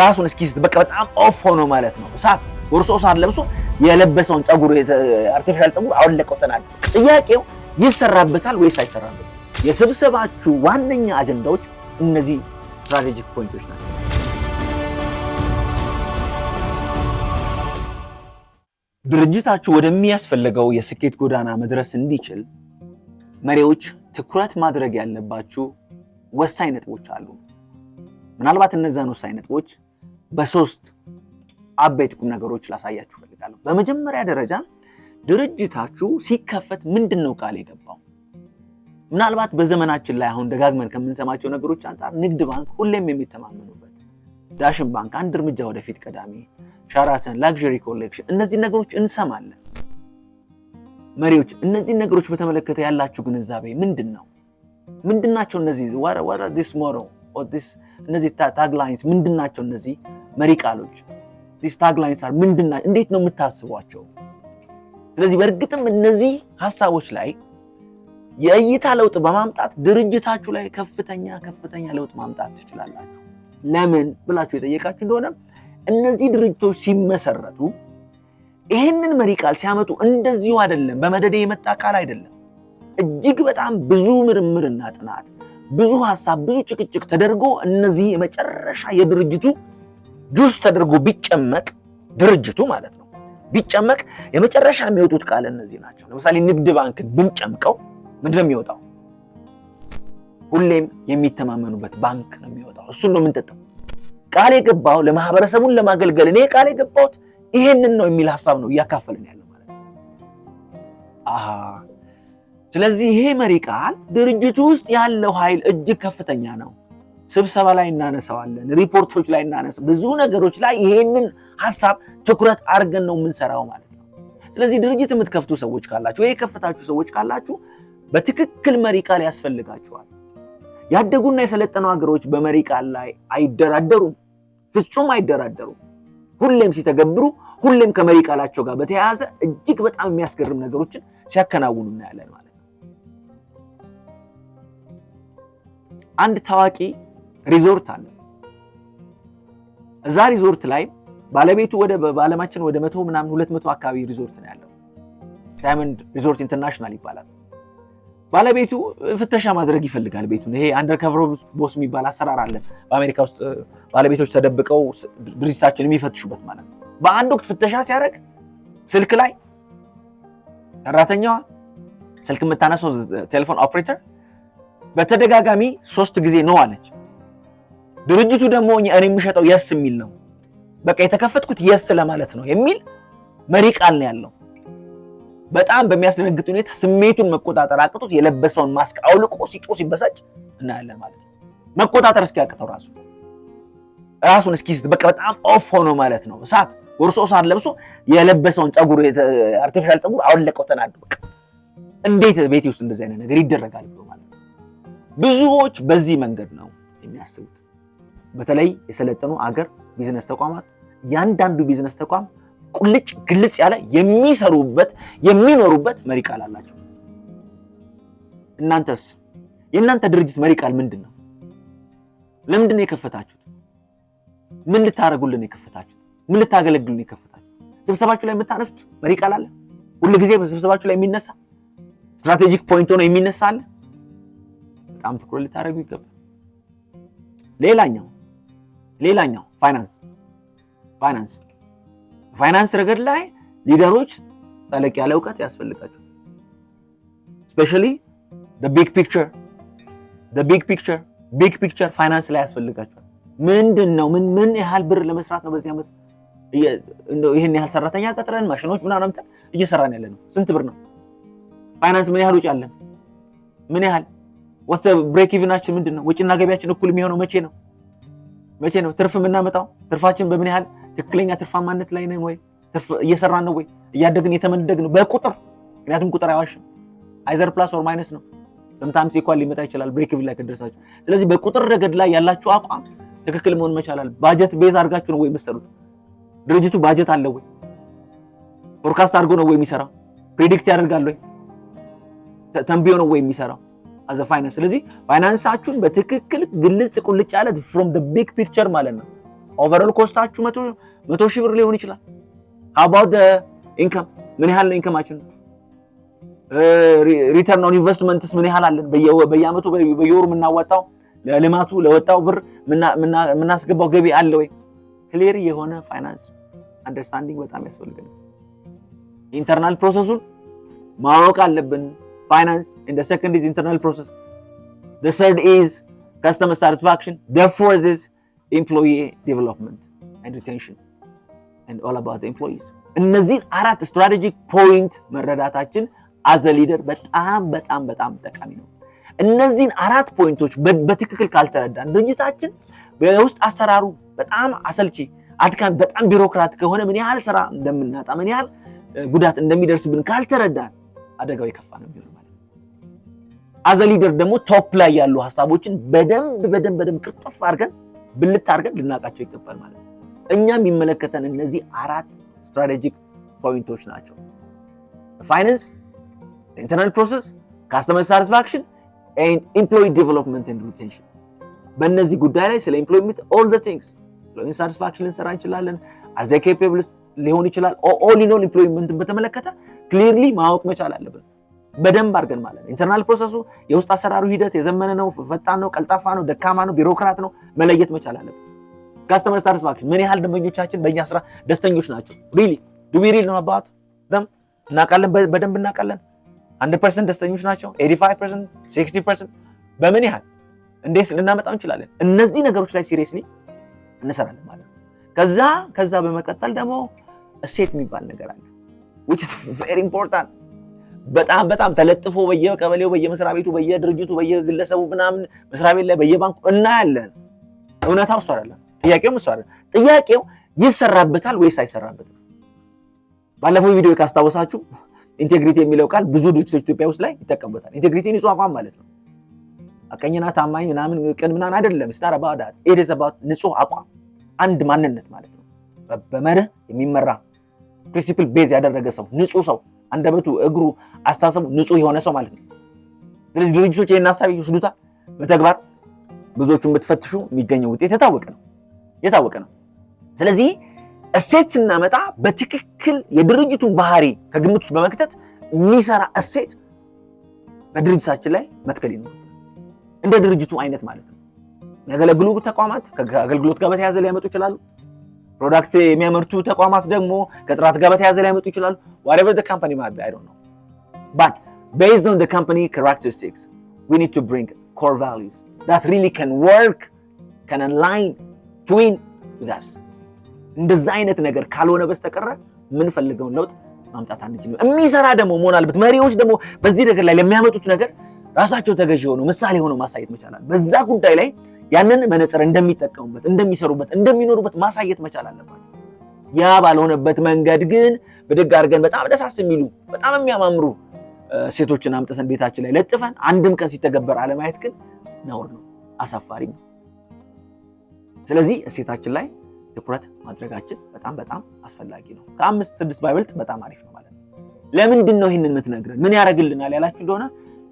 ራሱን እስኪስት በቃ በጣም ኦፍ ሆኖ ማለት ነው። እሳት ወርሶ እሳት ለብሶ የለበሰውን ጸጉር አርቲፊሻል ጸጉር አወለቀውተናል። ጥያቄው ይሰራበታል ወይስ አይሰራበትም? የስብሰባችሁ ዋነኛ አጀንዳዎች እነዚህ ስትራቴጂክ ፖይንቶች ናቸው። ድርጅታችሁ ወደሚያስፈልገው የስኬት ጎዳና መድረስ እንዲችል መሪዎች ትኩረት ማድረግ ያለባችሁ ወሳኝ ነጥቦች አሉ። ምናልባት እነዛን ወሳኝ ነጥቦች በሶስት አበይት ቁም ነገሮች ላሳያችሁ ፈልጋለሁ። በመጀመሪያ ደረጃ ድርጅታችሁ ሲከፈት ምንድን ነው ቃል የገባው? ምናልባት በዘመናችን ላይ አሁን ደጋግመን ከምንሰማቸው ነገሮች አንጻር ንግድ ባንክ ሁሌም የሚተማመኑበት፣ ዳሽን ባንክ አንድ እርምጃ ወደፊት ቀዳሚ፣ ሻራተን፣ ላግዠሪ ኮሌክሽን እነዚህ ነገሮች እንሰማለን። መሪዎች እነዚህ ነገሮች በተመለከተ ያላችሁ ግንዛቤ ምንድን ነው? ምንድናቸው እነዚህ እነዚህ ታግላይንስ ምንድን ናቸው? እነዚህ መሪ ቃሎች ዲስ ታግላይንስ አር ምንድን ናቸው? እንዴት ነው የምታስቧቸው? ስለዚህ በእርግጥም እነዚህ ሀሳቦች ላይ የእይታ ለውጥ በማምጣት ድርጅታችሁ ላይ ከፍተኛ ከፍተኛ ለውጥ ማምጣት ትችላላችሁ። ለምን ብላችሁ የጠየቃችሁ እንደሆነ እነዚህ ድርጅቶች ሲመሰረቱ ይህንን መሪ ቃል ሲያመጡ እንደዚሁ አይደለም፣ በመደደ የመጣ ቃል አይደለም። እጅግ በጣም ብዙ ምርምርና ጥናት ብዙ ሀሳብ፣ ብዙ ጭቅጭቅ ተደርጎ እነዚህ የመጨረሻ የድርጅቱ ጁስ ተደርጎ ቢጨመቅ ድርጅቱ ማለት ነው ቢጨመቅ የመጨረሻ የሚወጡት ቃል እነዚህ ናቸው። ለምሳሌ ንግድ ባንክን ብንጨምቀው ምንድን ነው የሚወጣው? ሁሌም የሚተማመኑበት ባንክ ነው የሚወጣው። እሱን ነው የምንጠጣው። ቃል የገባው ለማህበረሰቡን ለማገልገል እኔ ቃል የገባሁት ይሄንን ነው የሚል ሀሳብ ነው እያካፈልን ያለው ማለት ነው። ስለዚህ ይሄ መሪ ቃል ድርጅቱ ውስጥ ያለው ኃይል እጅግ ከፍተኛ ነው። ስብሰባ ላይ እናነሳዋለን፣ ሪፖርቶች ላይ እናነሳ፣ ብዙ ነገሮች ላይ ይሄንን ሀሳብ ትኩረት አድርገን ነው የምንሰራው ማለት ነው። ስለዚህ ድርጅት የምትከፍቱ ሰዎች ካላችሁ፣ ወይ የከፍታችሁ ሰዎች ካላችሁ በትክክል መሪ ቃል ያስፈልጋችኋል። ያደጉና የሰለጠኑ ሀገሮች በመሪ ቃል ላይ አይደራደሩም፣ ፍጹም አይደራደሩም። ሁሌም ሲተገብሩ፣ ሁሌም ከመሪ ቃላቸው ጋር በተያያዘ እጅግ በጣም የሚያስገርም ነገሮችን ሲያከናውኑ እናያለን። አንድ ታዋቂ ሪዞርት አለ። እዛ ሪዞርት ላይ ባለቤቱ ወደ በዓለማችን ወደ መቶ ምናምን ሁለት መቶ አካባቢ ሪዞርት ነው ያለው። ዳይመንድ ሪዞርት ኢንተርናሽናል ይባላል። ባለቤቱ ፍተሻ ማድረግ ይፈልጋል ቤቱን። ይሄ አንደርከቨር ቦስ የሚባል አሰራር አለ በአሜሪካ ውስጥ ባለቤቶች ተደብቀው ድርጅታቸውን የሚፈትሹበት ማለት ነው። በአንድ ወቅት ፍተሻ ሲያደርግ ስልክ ላይ ሰራተኛዋ ስልክ የምታነሳው ቴሌፎን ኦፕሬተር በተደጋጋሚ ሶስት ጊዜ ነው አለች። ድርጅቱ ደግሞ እኔ የሚሸጠው የስ የሚል ነው። በቃ የተከፈትኩት የስ ለማለት ነው የሚል መሪ ቃል ነው ያለው። በጣም በሚያስደነግጥ ሁኔታ ስሜቱን መቆጣጠር አቅቶት የለበሰውን ማስክ አውልቆ ሲጮ ሲበሳጭ እናያለን ማለት ነው። መቆጣጠር እስኪያቅተው ራሱ ራሱን እስኪስት በቃ በጣም ኦፍ ሆኖ ማለት ነው። እሳት ወርሶ እሳት ለብሶ የለበሰውን ፀጉር፣ አርቲፊሻል ፀጉር አውለቀው ተናዱ። በቃ እንዴት ቤቴ ውስጥ እንደዚህ አይነት ነገር ይደረጋል? ብዙዎች በዚህ መንገድ ነው የሚያስቡት። በተለይ የሰለጠኑ አገር ቢዝነስ ተቋማት እያንዳንዱ ቢዝነስ ተቋም ቁልጭ ግልጽ ያለ የሚሰሩበት የሚኖሩበት መሪ ቃል አላቸው። እናንተስ የእናንተ ድርጅት መሪ ቃል ምንድን ነው? ለምንድን ነው የከፈታችሁት? ምን ልታደረጉልን የከፈታችሁት? ምን ልታገለግሉን የከፈታችሁት? ስብሰባችሁ ላይ የምታነሱት መሪ ቃል አለ? ሁልጊዜ ስብሰባችሁ ላይ የሚነሳ ስትራቴጂክ ፖይንት ሆኖ የሚነሳ አለ? በጣም ትኩረት ልታደርጉ ይገባል። ሌላኛው ሌላኛው ፋይናንስ ፋይናንስ ፋይናንስ ረገድ ላይ ሊደሮች ጠለቅ ያለ እውቀት ያስፈልጋቸው ስፔሻሊ ቢግ ፒክቸር ቢግ ፒክቸር ቢግ ፒክቸር ፋይናንስ ላይ ያስፈልጋቸዋል። ምንድን ነው ምን ምን ያህል ብር ለመስራት ነው በዚህ ዓመት ይህን ያህል ሰራተኛ ቀጥረን ማሽኖች ምናምን እየሰራን ያለ ነው? ስንት ብር ነው ፋይናንስ ምን ያህል ውጭ አለን? ምን ያህል ዋትስ ብሬክ ኢቭናችን ምንድን ነው? ወጪና ገቢያችን እኩል የሚሆነው መቼ ነው? መቼ ነው ትርፍ የምናመጣው? ትርፋችን በምን ያህል ትክክለኛ ትርፋማነት ላይ ነው ወይ? እየሰራን ነው ወይ? እያደግን የተመደግ ነው? በቁጥር ምክንያቱም ቁጥር አይዋሽም። አይዘር ፕላስ ኦር ማይነስ ነው። በምታምስ ኢኳል ሊመጣ ይችላል ብሬክ ኢቭን ላይ ከደረሳችሁ። ስለዚህ በቁጥር ረገድ ላይ ያላችሁ አቋም ትክክል መሆን መቻላል። ባጀት ቤዝ አድርጋችሁ ነው ወይ የምትሰሩት? ድርጅቱ ባጀት አለ ወይ? ፎርካስት አድርጎ ነው ወይ የሚሰራው? ፕሬዲክት ያደርጋል ወይ? ተንብዮ ነው ወይ የሚሰራው? አዘ ፋይናንስ። ስለዚህ ፋይናንሳችሁን በትክክል ግልጽ ቁልጭ ያለ ፍሮም ቢግ ፒክቸር ማለት ነው። ኦቨሮል ኮስታችሁ መቶ ሺህ ብር ሊሆን ይችላል። አባውት ኢንካም ምን ያህል ነው ኢንካማችን? ሪተርን ኦን ኢንቨስትመንትስ ምን ያህል አለን? በየአመቱ በየወሩ የምናዋጣው ለልማቱ ለወጣው ብር የምናስገባው ገቢ አለ ወይ? ክሊር የሆነ ፋይናንስ አንደርስታንዲንግ በጣም ያስፈልገናል። ኢንተርናል ፕሮሰሱን ማወቅ አለብን። finance, and the second is internal process. The third is customer satisfaction. The fourth is employee development and retention and all about the employees እነዚህን አራት ስትራቴጂክ ፖይንት መረዳታችን አዘ ሊደር በጣም በጣም በጣም ጠቃሚ ነው። እነዚህን አራት ፖይንቶች በትክክል ካልተረዳን ድርጅታችን በውስጥ አሰራሩ በጣም አሰልቺ፣ አድካሚ፣ በጣም ቢሮክራት ከሆነ ምን ያህል ስራ እንደምናጣ ምን ያህል ጉዳት እንደሚደርስብን ካልተረዳን አደጋው የከፋ ነው። አዘ ሊደር ደግሞ ቶፕ ላይ ያሉ ሀሳቦችን በደንብ በደንብ በደንብ ቅርጥፍ አድርገን ብልት አድርገን ልናውቃቸው ይገባል ማለት ነው። እኛ የሚመለከተን እነዚህ አራት ስትራቴጂክ ፖይንቶች ናቸው። ፋይናንስ፣ ኢንተርናል ፕሮሰስ፣ ካስተመር ሳቲስፋክሽን፣ ኤምፕሎይ ዴቨሎፕመንት ኤንድ ሪቴንሽን። በእነዚህ ጉዳይ ላይ ስለ ኤምፕሎይመንት ኦል ዘ ቲንግስ ኤምፕሎይን ሳቲስፋክሽን ልንሰራ እንችላለን። አዘ ኬፔብልስ ሊሆን ይችላል። ኦል ኢን ኦል ኤምፕሎይመንትን በተመለከተ ክሊርሊ ማወቅ መቻል አለብን። በደንብ አድርገን ማለት ነው። ኢንተርናል ፕሮሰሱ የውስጥ አሰራሩ ሂደት የዘመነ ነው፣ ፈጣን ነው፣ ቀልጣፋ ነው፣ ደካማ ነው፣ ቢሮክራት ነው መለየት መቻል አለብን። ካስተመር ሳቲስፋክሽን ምን ያህል ደንበኞቻችን በእኛ ስራ ደስተኞች ናቸው? ሪሊ ዱ ሪል ነው አባት ደም እናውቃለን፣ በደንብ እናውቃለን። አንድ ፐርሰንት ደስተኞች ናቸው፣ ኤዲ ፋይቭ ፐርሰንት፣ ሲክስቲ ፐርሰንት በምን ያህል እንዴት ልናመጣው እንችላለን? እነዚህ ነገሮች ላይ ሲሪየስሊ እንሰራለን ማለት ነው። ከዛ ከዛ በመቀጠል ደግሞ እሴት የሚባል ነገር አለ ዊች ኢዝ ቬሪ ኢምፖርታንት በጣም በጣም ተለጥፎ በየቀበሌው በየመስሪያ ቤቱ በየድርጅቱ በየግለሰቡ ምናምን መስሪያ ቤት ላይ በየባንኩ እናያለን። እውነታው እሱ አይደለም። ጥያቄውም እሱ አይደለም። ጥያቄው ይሰራበታል ወይስ አይሰራበትም? ባለፈው ቪዲዮ ካስታወሳችሁ ኢንቴግሪቲ የሚለው ቃል ብዙ ድርጅቶች ኢትዮጵያ ውስጥ ላይ ይጠቀሙበታል። ኢንቴግሪቲን ንጹህ አቋም ማለት ነው። አቀኝና ታማኝ ምናምን ቅን ምናምን አይደለም። ስታር አባዳ ኤደሰባት ንጹህ አቋም አንድ ማንነት ማለት ነው። በመርህ የሚመራ ፕሪንሲፕል ቤዝ ያደረገ ሰው ንጹህ ሰው አንደበቱ፣ እግሩ፣ አስተሳሰቡ ንጹህ የሆነ ሰው ማለት ነው። ስለዚህ ድርጅቶች ይህን ሀሳብ ይወስዱታል። በተግባር ብዙዎቹን ብትፈትሹ የሚገኘው ውጤት የታወቀ ነው የታወቀ ነው። ስለዚህ እሴት ስናመጣ በትክክል የድርጅቱን ባህሪ ከግምት ውስጥ በመክተት የሚሰራ እሴት በድርጅታችን ላይ መትከል ይኖር እንደ ድርጅቱ አይነት ማለት ነው። የሚያገለግሉ ተቋማት ከአገልግሎት ጋር በተያያዘ ሊያመጡ ይችላሉ። ፕሮዳክት የሚያመርቱ ተቋማት ደግሞ ከጥራት ጋር በተያዘ ሊያመጡ ይችላሉ። whatever the company might be, I don't know. But based on the company characteristics, we need to bring core values that really can work, can align, twin with us. እንደዛ አይነት ነገር ካልሆነ በስተቀረ የምንፈልገውን ለውጥ ማምጣት አንችልም። የሚሰራ ደግሞ መሆን አለበት። መሪዎች ደግሞ በዚህ ነገር ላይ ለሚያመጡት ነገር ራሳቸው ተገዥ ሆነው ምሳሌ ሆነው ማሳየት መቻላል። በዛ ጉዳይ ላይ ያንን መነጽር እንደሚጠቀሙበት፣ እንደሚሰሩበት፣ እንደሚኖሩበት ማሳየት መቻል አለባቸው። ያ ባልሆነበት መንገድ ግን ብድግ አድርገን በጣም ደሳስ የሚሉ በጣም የሚያማምሩ ሴቶችን አምጥተን ቤታችን ላይ ለጥፈን አንድም ቀን ሲተገበር አለማየት ግን ነውር ነው፣ አሳፋሪም ነው። ስለዚህ እሴታችን ላይ ትኩረት ማድረጋችን በጣም በጣም አስፈላጊ ነው። ከአምስት ስድስት ባይበልጥ በጣም አሪፍ ነው ማለት ነው። ለምንድን ነው ይህንን የምትነግረን? ምን ያደርግልናል ያላችሁ እንደሆነ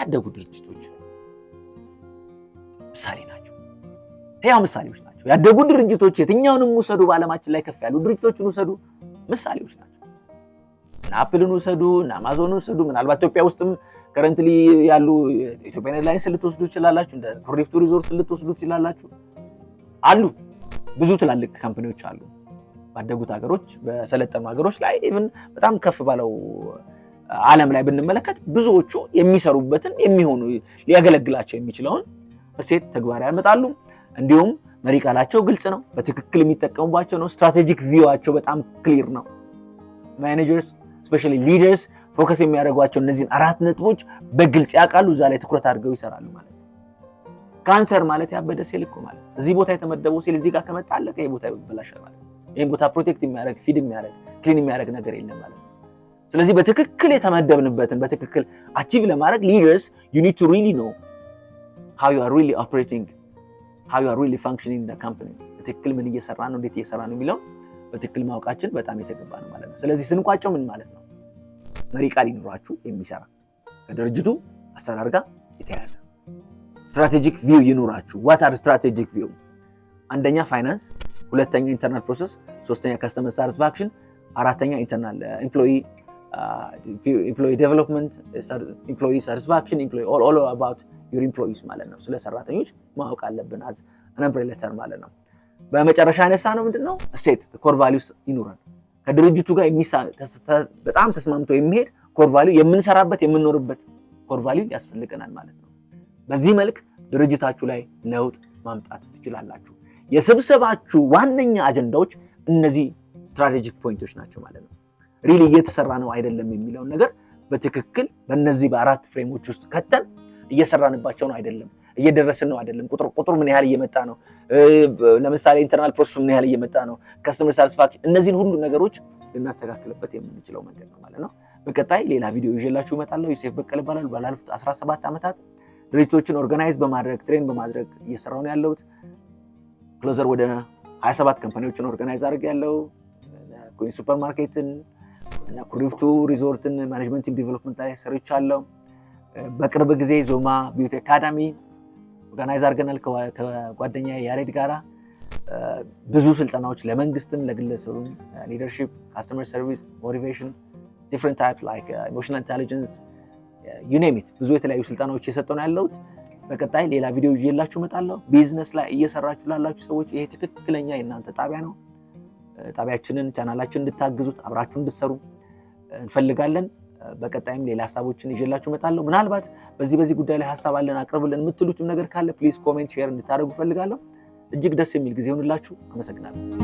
ያደጉ ድርጅቶች ምሳሌ ያ ምሳሌዎች ናቸው። ያደጉ ድርጅቶች የትኛውንም ውሰዱ፣ በዓለማችን ላይ ከፍ ያሉ ድርጅቶችን ውሰዱ፣ ምሳሌዎች ናቸው። ናአፕልን አፕልን ውሰዱ፣ እና አማዞን ውሰዱ። ምናልባት ኢትዮጵያ ውስጥም ከረንትሊ ያሉ ኢትዮጵያን ኤርላይንስ ልትወስዱ ትችላላችሁ። እንደ ኩሪፍቱ ሪዞርት ልትወስዱ ትችላላችሁ። አሉ ብዙ ትላልቅ ካምፕኒዎች አሉ ባደጉት ሀገሮች፣ በሰለጠኑ ሀገሮች ላይ ኢቭን በጣም ከፍ ባለው ዓለም ላይ ብንመለከት ብዙዎቹ የሚሰሩበትን የሚሆኑ ሊያገለግላቸው የሚችለውን እሴት ተግባር ያመጣሉ። እንዲሁም መሪ ቃላቸው ግልጽ ነው። በትክክል የሚጠቀሙባቸው ነው። ስትራቴጂክ ቪዋቸው በጣም ክሊር ነው። ማኔጀርስ ስፔሻሊ ሊደርስ ፎከስ የሚያደርጓቸው እነዚህን አራት ነጥቦች በግልጽ ያውቃሉ። እዛ ላይ ትኩረት አድርገው ይሰራሉ ማለት ነው። ካንሰር ማለት ያበደ ሴል እኮ ማለት እዚህ ቦታ የተመደበው ሴል እዚህ ጋር ከመጣ አለቀ፣ ይህ ቦታ ይበላሻል ማለት ነው። ይህን ቦታ ፕሮቴክት የሚያደርግ ፊድ የሚያደርግ ክሊን የሚያደርግ ነገር የለም ማለት ነው። ስለዚህ በትክክል የተመደብንበትን በትክክል አቺቭ ለማድረግ ሊደርስ ዩ ኒድ ቱ ሪሊ ኖ ሃው ዩ አር ሪሊ ኦፕሬቲንግ ሀዩ you are really functioning in በትክክል ምን እየሰራ ነው፣ እንዴት እየሰራ ነው የሚለው በትክክል ማወቃችን በጣም የተገባ ነው ማለት ነው። ስለዚህ ስንቋጨው ምን ማለት ነው? መሪ ቃል ይኑራችሁ የሚሰራ ከድርጅቱ አሰራር ጋር የተያያዘ ስትራቴጂክ ቪው ይኑራችሁ። ዋት አር ስትራቴጂክ ቪው? አንደኛ ፋይናንስ፣ ሁለተኛ ኢንተርናል ፕሮሰስ፣ ሶስተኛ ከስተመር ሳቲስፋክሽን፣ አራተኛ ኢንተርናል ኤምፕሎይ ዴቨሎፕመንት፣ ኤምፕሎይ ኦል ኦል አባውት ዩር ኢምፕሎይስ ማለት ነው። ስለ ሰራተኞች ማወቅ አለብን አዝ አን አምብሬላተር ማለት ነው። በመጨረሻ ያነሳ ነው ምንድነው እሴት ኮር ቫሊዩስ ይኑረን። ከድርጅቱ ጋር በጣም ተስማምቶ የሚሄድ ኮር ቫሊዩ የምንሰራበት የምንኖርበት ኮር ቫሊዩ ያስፈልገናል ማለት ነው። በዚህ መልክ ድርጅታችሁ ላይ ለውጥ ማምጣት ትችላላችሁ። የስብሰባችሁ ዋነኛ አጀንዳዎች እነዚህ ስትራቴጂክ ፖይንቶች ናቸው ማለት ነው። ሪሊ እየተሰራ ነው አይደለም የሚለውን ነገር በትክክል በእነዚህ በአራት ፍሬሞች ውስጥ ከተን እየሰራንባቸው ነው አይደለም፣ እየደረስን ነው አይደለም፣ ቁጥር ቁጥሩ ምን ያህል እየመጣ ነው፣ ለምሳሌ ኢንተርናል ፕሮሰሱ ምን ያህል እየመጣ ነው፣ ከስተመር ሳቲስፋክሽን፣ እነዚህን ሁሉ ነገሮች ልናስተካክልበት የምንችለው መንገድ ነው ማለት ነው። በቀጣይ ሌላ ቪዲዮ ይዤላችሁ እመጣለሁ። ዮሴፍ በቀለ ይባላል። ባላለፉት 17 ዓመታት ድርጅቶችን ኦርጋናይዝ በማድረግ ትሬን በማድረግ እየሰራ ነው ያለሁት። ክሎዘር ወደ 27 ካምፓኒዎችን ኦርጋናይዝ አድርግ ያለው ኩዊን ሱፐርማርኬትን እና ኩሪፍቱ ሪዞርትን ማኔጅመንትን ዲቨሎፕመንት ላይ ሰርቻለሁ። በቅርብ ጊዜ ዞማ ቢዩቲ አካዳሚ ኦርጋናይዝ አድርገናል ከጓደኛ ያሬድ ጋራ ብዙ ስልጠናዎች ለመንግስትም ለግለሰብም ሊደርሺፕ፣ ካስተመር ሰርቪስ፣ ሞቲቬሽን፣ ዲፍረንት ታይፕ ላይክ ኢሞሽናል ኢንቴሊጀንስ ዩኔሚት ብዙ የተለያዩ ስልጠናዎች እየሰጠው ነው ያለሁት። በቀጣይ ሌላ ቪዲዮ ይዤላችሁ እመጣለሁ። ቢዝነስ ላይ እየሰራችሁ ላላችሁ ሰዎች ይሄ ትክክለኛ የእናንተ ጣቢያ ነው። ጣቢያችንን ቻናላችን እንድታግዙት አብራችሁ እንድትሰሩ እንፈልጋለን። በቀጣይም ሌላ ሀሳቦችን ይዤላችሁ እመጣለሁ። ምናልባት በዚህ በዚህ ጉዳይ ላይ ሀሳብ አለን አቅርብልን የምትሉትም ነገር ካለ ፕሊዝ ኮሜንት፣ ሼር እንድታደርጉ እፈልጋለሁ። እጅግ ደስ የሚል ጊዜ ይሆንላችሁ። አመሰግናለሁ።